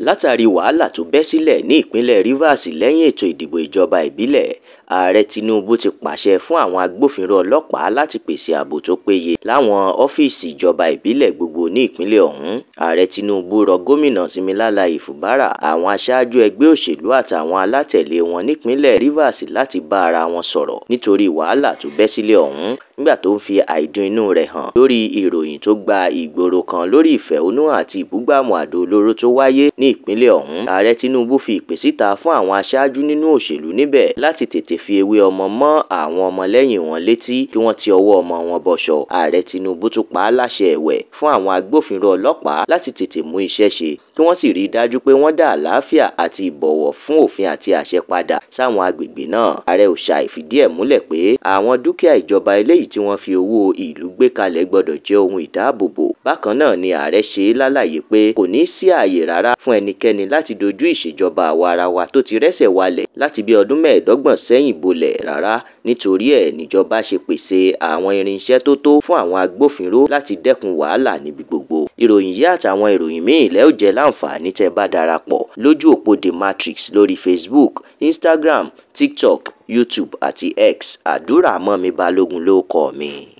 látàrí wàhálà tó bẹ́ sílẹ̀ ní ìpínlẹ̀ Rivers lẹ́yìn ètò ìdìbò ìjọba ìbílẹ̀ ààrẹ Tinubu ti pàṣẹ fún àwọn agbófinró ọlọ́pàá láti pèsè ààbò tó péye láwọn ọ́fíìsì ìjọba ìbílẹ̀ gbogbo ní ìpínlẹ̀ ọ̀hún ààrẹ Tinubu rọ gómìnà Similala Ifubara àwọn aṣáájú ẹgbẹ́ òṣèlú àtàwọn alátẹ̀lé wọn nípínlẹ̀ Rivers láti bá ara wọn sọ̀rọ̀ nítorí wàhálà tó bẹ́ sílẹ̀ ọ̀hún nígbà tó ń fi àìdùn inú rẹ̀ hàn lórí ìròyìn tó gba ìgboro kan lórí ìfẹ̀hónúhàn àti ìbúgbàmù àdó olóró tó wáyé ní ìpínlẹ̀ ọ̀hún ààrẹ Tinubu fi ìpè síta fún àwọn aṣáájú nínú òṣèlú níbẹ̀ láti tètè fi ewé ọmọ mọ́ àwọn ọmọlẹ́yìn wọn létí kí wọ́n ti ọwọ́ ọmọ wọn bọ̀ṣọ̀ ààrẹ Tinubu tún pa á láṣẹ ẹ̀wẹ̀ fún àwọn agbófinró ọlọ́pàá láti tètè mú iṣẹ́ ṣe kí wọ́n sì rí i dájú pé wọ́n dá àlàáfíà àti ìbọ̀wọ̀ fún òfin àti àṣẹ padà sáwọn agbègbè náà ààrẹ ò ṣàìfìdí ẹ̀ múlẹ̀ pé àwọn dúkìá ìjọba eléyìí tí wọ́n fi owó ìlú gbé kalẹ̀ gbọ́dọ̀ jẹ́ ohun ìdáàbòbò bákan náà ni ààrẹ ṣe lálàyé pé kò ní sí ààyè rárá fún ẹnikẹ́ni láti dojú ìṣèjọba àwa ara wa tó ti rẹ́sẹ̀ walẹ̀ láti bí ọdún mẹ́ẹ̀ẹ́dọ́gbọ̀n sẹ́yìn bolẹ̀ rárá nítorí ẹ̀ níjọba ṣe pèsè àwọn irinṣẹ́ tó tó fún àwọn agbófinró láti dẹ́kun wàhálà níbi gbogbo. ìròyìn yìí àtàwọn ìròyìn míì lẹ́ jẹ́ láǹfààní tẹ́ bá darapọ̀ lójú òpó The Matrix lórí Facebook, Instagram, TikTok, YouTube àti X àdúrà mọ́ mi balógun ló kọ́ mi.